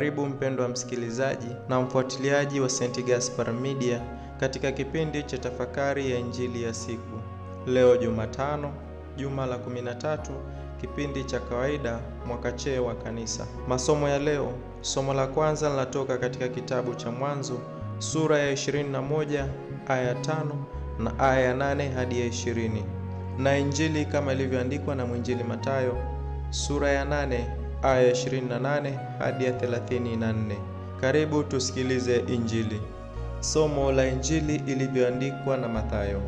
Karibu mpendwa msikilizaji na mfuatiliaji wa St. Gaspar Media katika kipindi cha tafakari ya injili ya siku, leo Jumatano, juma la 13, kipindi cha kawaida, mwaka C wa Kanisa. Masomo ya leo, somo la kwanza linatoka katika kitabu cha Mwanzo sura ya 21 aya 5 na aya ya 8 hadi ya 20, na injili kama ilivyoandikwa na mwinjili Matayo sura ya 8 aya 28 hadi ya 34. Karibu tusikilize Injili. Somo la Injili ilivyoandikwa na Mathayo.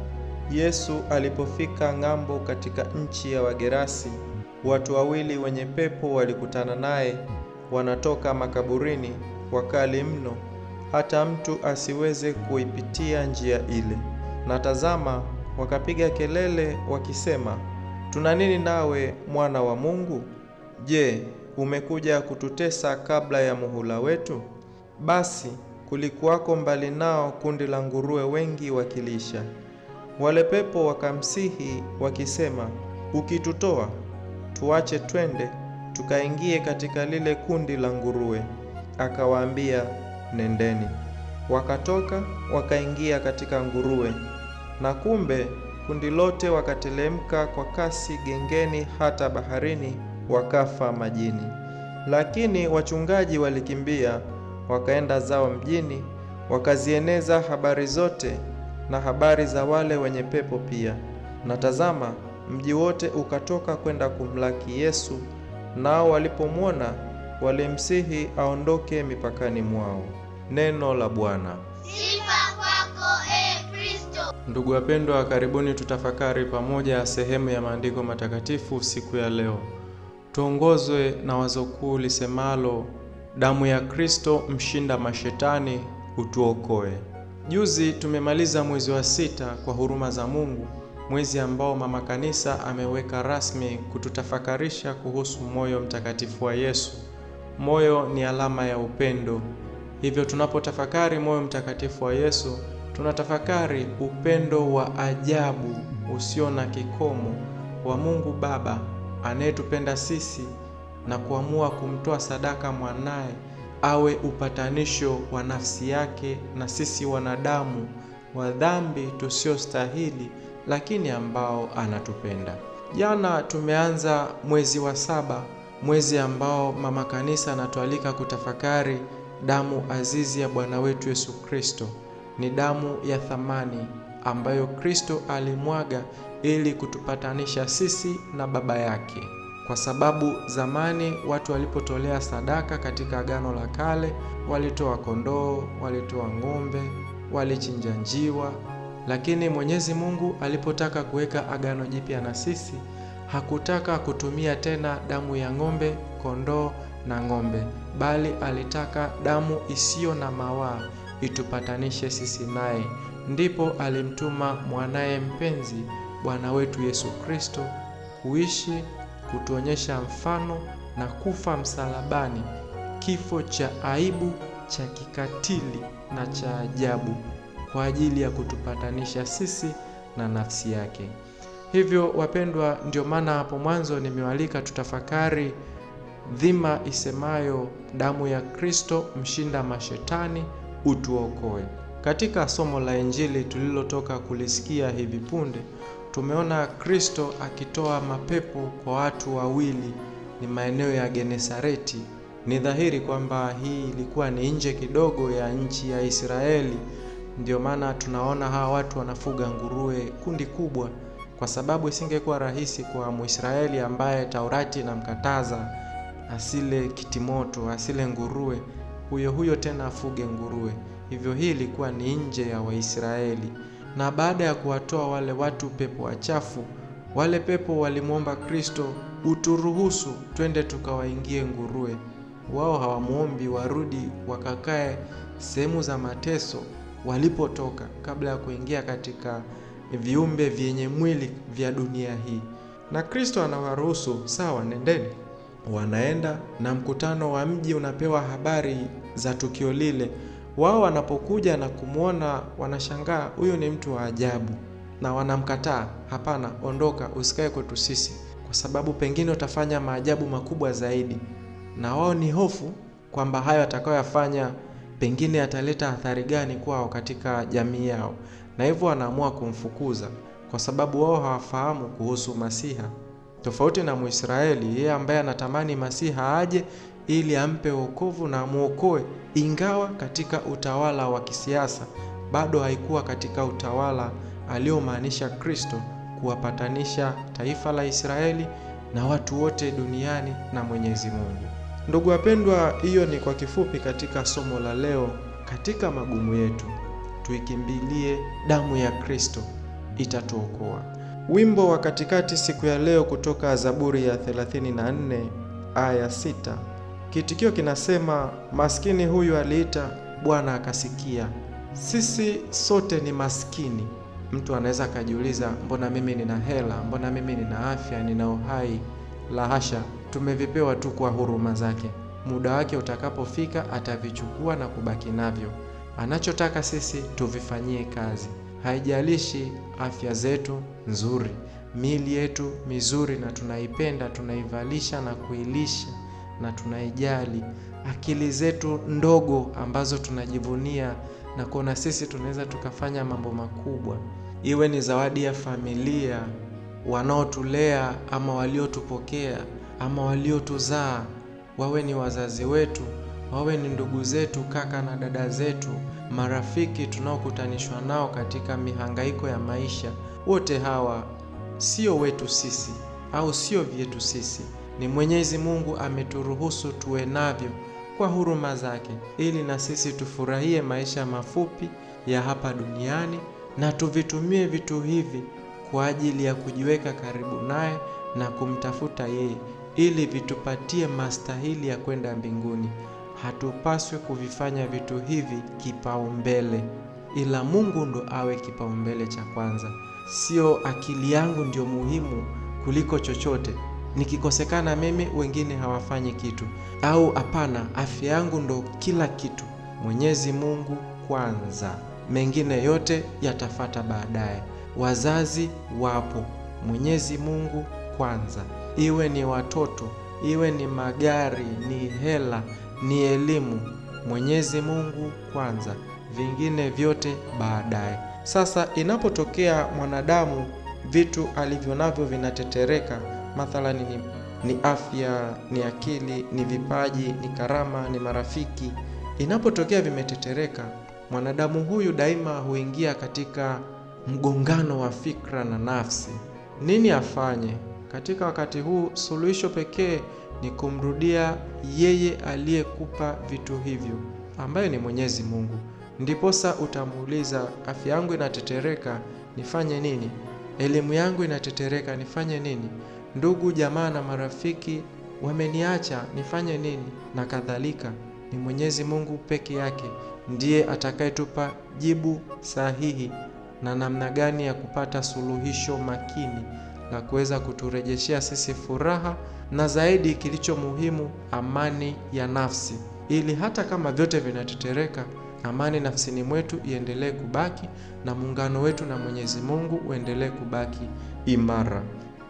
Yesu alipofika ng'ambo katika nchi ya Wagerasi, watu wawili wenye pepo walikutana naye, wanatoka makaburini, wakali mno, hata mtu asiweze kuipitia njia ile. Na tazama, wakapiga kelele wakisema, tuna nini nawe, mwana wa Mungu? Je, umekuja kututesa kabla ya muhula wetu? Basi kulikuwako mbali nao kundi la nguruwe wengi wakilisha. Wale pepo wakamsihi wakisema, ukitutoa tuache twende tukaingie katika lile kundi la nguruwe. Akawaambia, nendeni. Wakatoka wakaingia katika nguruwe, na kumbe kundi lote wakatelemka kwa kasi gengeni hata baharini wakafa majini. Lakini wachungaji walikimbia wakaenda zao mjini, wakazieneza habari zote na habari za wale wenye pepo pia. Na tazama, mji wote ukatoka kwenda kumlaki Yesu, nao walipomwona walimsihi aondoke mipakani mwao. Neno la Bwana. Sifa kwako e Kristo. Ndugu wapendwa, karibuni tutafakari pamoja sehemu ya maandiko matakatifu siku ya leo tuongozwe na wazo kuu lisemalo damu ya Kristo mshinda mashetani utuokoe. Juzi tumemaliza mwezi wa sita kwa huruma za Mungu, mwezi ambao mama kanisa ameweka rasmi kututafakarisha kuhusu moyo mtakatifu wa Yesu. Moyo ni alama ya upendo, hivyo tunapotafakari moyo mtakatifu wa Yesu tunatafakari upendo wa ajabu usio na kikomo wa Mungu Baba anayetupenda sisi na kuamua kumtoa sadaka mwanaye awe upatanisho wa nafsi yake na sisi wanadamu wa dhambi tusiostahili, lakini ambao anatupenda. Jana tumeanza mwezi wa saba, mwezi ambao mama kanisa anatualika kutafakari damu azizi ya Bwana wetu Yesu Kristo. Ni damu ya thamani ambayo Kristo alimwaga ili kutupatanisha sisi na Baba yake. Kwa sababu zamani watu walipotolea sadaka katika Agano la Kale, walitoa kondoo, walitoa ng'ombe, walichinja njiwa, lakini Mwenyezi Mungu alipotaka kuweka Agano Jipya na sisi, hakutaka kutumia tena damu ya ng'ombe, kondoo na ng'ombe, bali alitaka damu isiyo na mawaa itupatanishe sisi naye ndipo alimtuma mwanaye mpenzi Bwana wetu Yesu Kristo kuishi, kutuonyesha mfano na kufa msalabani, kifo cha aibu cha kikatili na cha ajabu kwa ajili ya kutupatanisha sisi na nafsi yake. Hivyo wapendwa, ndio maana hapo mwanzo nimewalika tutafakari dhima isemayo damu ya Kristo mshinda mashetani utuokoe. Katika somo la Injili tulilotoka kulisikia hivi punde, tumeona Kristo akitoa mapepo kwa watu wawili, ni maeneo ya Genesareti. Ni dhahiri kwamba hii ilikuwa ni nje kidogo ya nchi ya Israeli. Ndio maana tunaona hawa watu wanafuga nguruwe kundi kubwa, kwa sababu isingekuwa rahisi kwa Mwisraeli ambaye Taurati inamkataza asile kitimoto, asile nguruwe huyo huyo tena afuge nguruwe. Hivyo hii ilikuwa ni nje ya Waisraeli. Na baada ya kuwatoa wale watu pepo wachafu, wale pepo walimwomba Kristo, uturuhusu twende tukawaingie nguruwe. Wao hawamwombi warudi wakakae sehemu za mateso walipotoka, kabla ya kuingia katika viumbe vyenye mwili vya dunia hii. Na Kristo anawaruhusu, sawa, nendeni wanaenda na mkutano wa mji unapewa habari za tukio lile. Wao wanapokuja na kumwona wanashangaa, huyu ni mtu wa ajabu, na wanamkataa, hapana, ondoka, usikae kwetu sisi, kwa sababu pengine utafanya maajabu makubwa zaidi. Na wao ni hofu kwamba hayo atakayoyafanya pengine ataleta athari gani kwao katika jamii yao, na hivyo wanaamua kumfukuza, kwa sababu wao hawafahamu kuhusu Masiha tofauti na Mwisraeli yeye ambaye anatamani Masiha aje ili ampe wokovu na amwokoe, ingawa katika utawala wa kisiasa bado haikuwa katika utawala aliomaanisha Kristo kuwapatanisha taifa la Israeli na watu wote duniani na Mwenyezi Mungu. Ndugu wapendwa, hiyo ni kwa kifupi katika somo la leo. Katika magumu yetu tuikimbilie damu ya Kristo, itatuokoa. Wimbo wa katikati siku ya leo kutoka Zaburi ya 34 aya 6. Kitikio kinasema maskini huyu aliita, Bwana akasikia. Sisi sote ni maskini. Mtu anaweza akajiuliza, mbona mimi nina hela, mbona mimi nina afya, nina uhai? La hasha, tumevipewa tu kwa huruma zake. Muda wake utakapofika, atavichukua na kubaki navyo. Anachotaka sisi tuvifanyie kazi haijalishi afya zetu nzuri, miili yetu mizuri, na tunaipenda, tunaivalisha na kuilisha na tunaijali, akili zetu ndogo ambazo tunajivunia na kuona sisi tunaweza tukafanya mambo makubwa, iwe ni zawadi ya familia, wanaotulea ama waliotupokea ama waliotuzaa, wawe ni wazazi wetu wawe ni ndugu zetu, kaka na dada zetu, marafiki tunaokutanishwa nao katika mihangaiko ya maisha. Wote hawa sio wetu sisi au sio vyetu sisi, ni Mwenyezi Mungu ameturuhusu tuwe navyo kwa huruma zake, ili na sisi tufurahie maisha mafupi ya hapa duniani na tuvitumie vitu hivi kwa ajili ya kujiweka karibu naye na kumtafuta yeye, ili vitupatie mastahili ya kwenda mbinguni hatupaswi kuvifanya vitu hivi kipaumbele, ila Mungu ndo awe kipaumbele cha kwanza. Sio akili yangu ndio muhimu kuliko chochote. Nikikosekana mimi, wengine hawafanyi kitu, au hapana, afya yangu ndo kila kitu. Mwenyezi Mungu kwanza, mengine yote yatafata baadaye. Wazazi wapo, Mwenyezi Mungu kwanza, iwe ni watoto, iwe ni magari, ni hela ni elimu, Mwenyezi Mungu kwanza, vingine vyote baadaye. Sasa inapotokea mwanadamu vitu alivyo navyo vinatetereka, mathalani ni, ni afya, ni akili, ni vipaji, ni karama, ni marafiki. Inapotokea vimetetereka, mwanadamu huyu daima huingia katika mgongano wa fikra na nafsi. Nini afanye? Katika wakati huu, suluhisho pekee ni kumrudia yeye aliyekupa vitu hivyo, ambaye ni Mwenyezi Mungu. Ndiposa utamuuliza, afya yangu inatetereka, nifanye nini? Elimu yangu inatetereka, nifanye nini? Ndugu jamaa na marafiki wameniacha, nifanye nini? na kadhalika. Ni Mwenyezi Mungu peke yake ndiye atakayetupa jibu sahihi na namna gani ya kupata suluhisho makini na kuweza kuturejeshea sisi furaha na zaidi, kilicho muhimu, amani ya nafsi, ili hata kama vyote vinatetereka, amani nafsini mwetu iendelee kubaki na muungano wetu na Mwenyezi Mungu uendelee kubaki imara.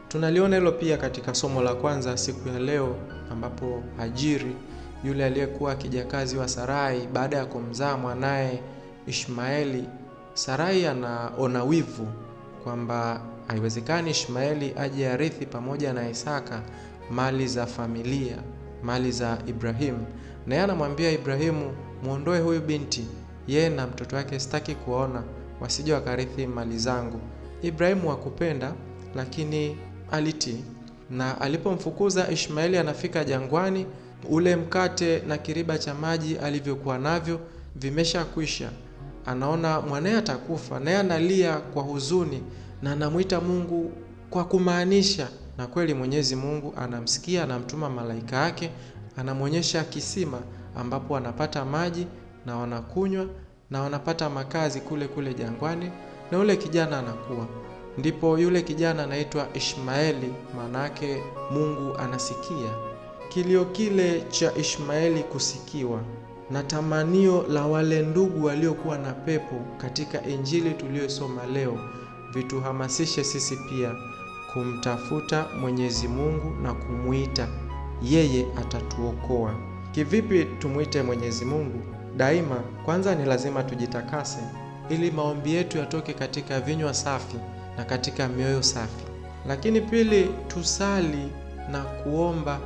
Tunaliona hilo pia katika somo la kwanza siku ya leo, ambapo Hajiri yule aliyekuwa kijakazi wa Sarai baada ya kumzaa mwanaye Ishmaeli, Sarai anaona wivu kwamba Haiwezekani Ishmaeli aje arithi pamoja na Isaka mali za familia, mali za Ibrahimu. Naye anamwambia Ibrahimu, mwondoe huyu binti, yeye na mtoto wake sitaki kuwaona, wasije wakarithi mali zangu. Ibrahimu hakupenda, lakini alitii, na alipomfukuza Ishmaeli anafika jangwani, ule mkate na kiriba cha maji alivyokuwa navyo vimeshakwisha. Anaona mwanaye atakufa, naye analia kwa huzuni na namwita Mungu kwa kumaanisha, na kweli Mwenyezi Mungu anamsikia, anamtuma malaika yake, anamwonyesha kisima ambapo wanapata maji na wanakunywa na wanapata makazi kule kule jangwani, na yule kijana anakuwa. Ndipo yule kijana anaitwa Ishmaeli, manake Mungu anasikia kilio kile cha Ishmaeli kusikiwa na tamanio la wale ndugu waliokuwa na pepo katika Injili tuliyosoma leo vituhamasishe sisi pia kumtafuta Mwenyezi Mungu na kumwita yeye atatuokoa. Kivipi tumwite Mwenyezi Mungu? Daima kwanza ni lazima tujitakase ili maombi yetu yatoke katika vinywa safi na katika mioyo safi. Lakini pili, tusali na kuomba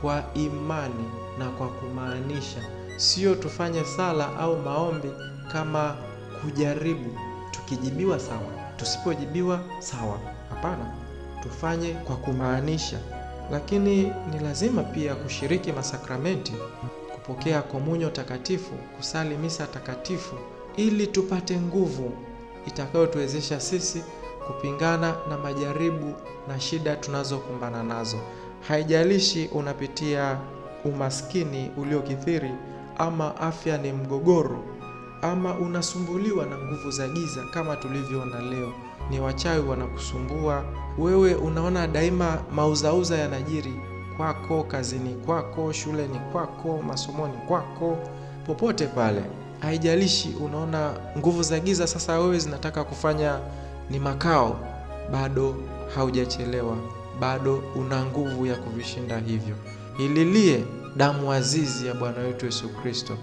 kwa imani na kwa kumaanisha, sio tufanye sala au maombi kama kujaribu, tukijibiwa sawa tusipojibiwa sawa, hapana, tufanye kwa kumaanisha. Lakini ni lazima pia kushiriki masakramenti, kupokea komunyo takatifu, kusali misa takatifu, ili tupate nguvu itakayotuwezesha sisi kupingana na majaribu na shida tunazokumbana nazo. Haijalishi unapitia umaskini uliokithiri ama afya ni mgogoro ama unasumbuliwa na nguvu za giza kama tulivyoona leo, ni wachawi wanakusumbua wewe, unaona daima mauzauza yanajiri kwako, kazini kwako, shuleni kwako, masomoni kwako, popote pale, haijalishi. Unaona nguvu za giza sasa wewe zinataka kufanya ni makao, bado haujachelewa, bado una nguvu ya kuvishinda hivyo. Ililie damu azizi ya Bwana wetu Yesu Kristo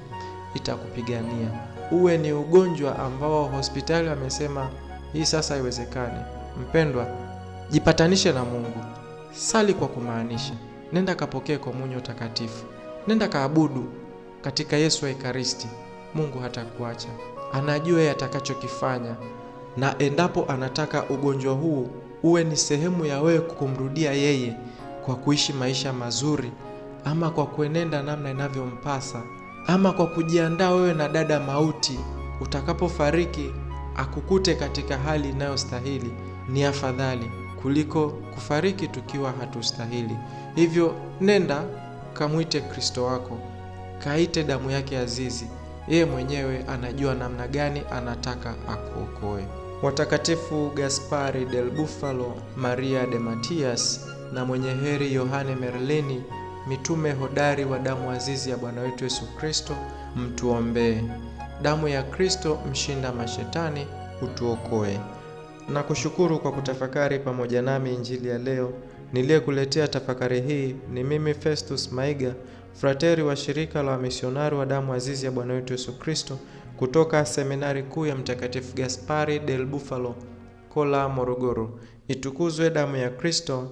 itakupigania. Uwe ni ugonjwa ambao hospitali wamesema hii sasa haiwezekani. Mpendwa, jipatanishe na Mungu, sali kwa kumaanisha, nenda kapokee komunyo takatifu, nenda kaabudu katika Yesu wa Ekaristi. Mungu hatakuacha, anajua yatakachokifanya, na endapo anataka ugonjwa huu uwe ni sehemu ya wewe kumrudia yeye kwa kuishi maisha mazuri ama kwa kuenenda namna inavyompasa ama kwa kujiandaa wewe na dada mauti, utakapofariki akukute katika hali inayostahili, ni afadhali kuliko kufariki tukiwa hatustahili. Hivyo nenda kamwite Kristo wako, kaite damu yake azizi. Yeye mwenyewe anajua namna gani anataka akuokoe. Watakatifu Gaspari del Bufalo, Maria de Matias na mwenye heri Yohane Merlini mitume hodari wa damu azizi ya Bwana wetu Yesu Kristo, mtuombee. Damu ya Kristo mshinda mashetani, utuokoe. na kushukuru kwa kutafakari pamoja nami injili ya leo. Niliyekuletea tafakari hii ni mimi Festus Maiga, frateri wa shirika la wamisionari wa damu azizi ya Bwana wetu Yesu Kristo kutoka seminari kuu ya Mtakatifu Gaspari del Bufalo, Kola, Morogoro. Itukuzwe damu ya Kristo!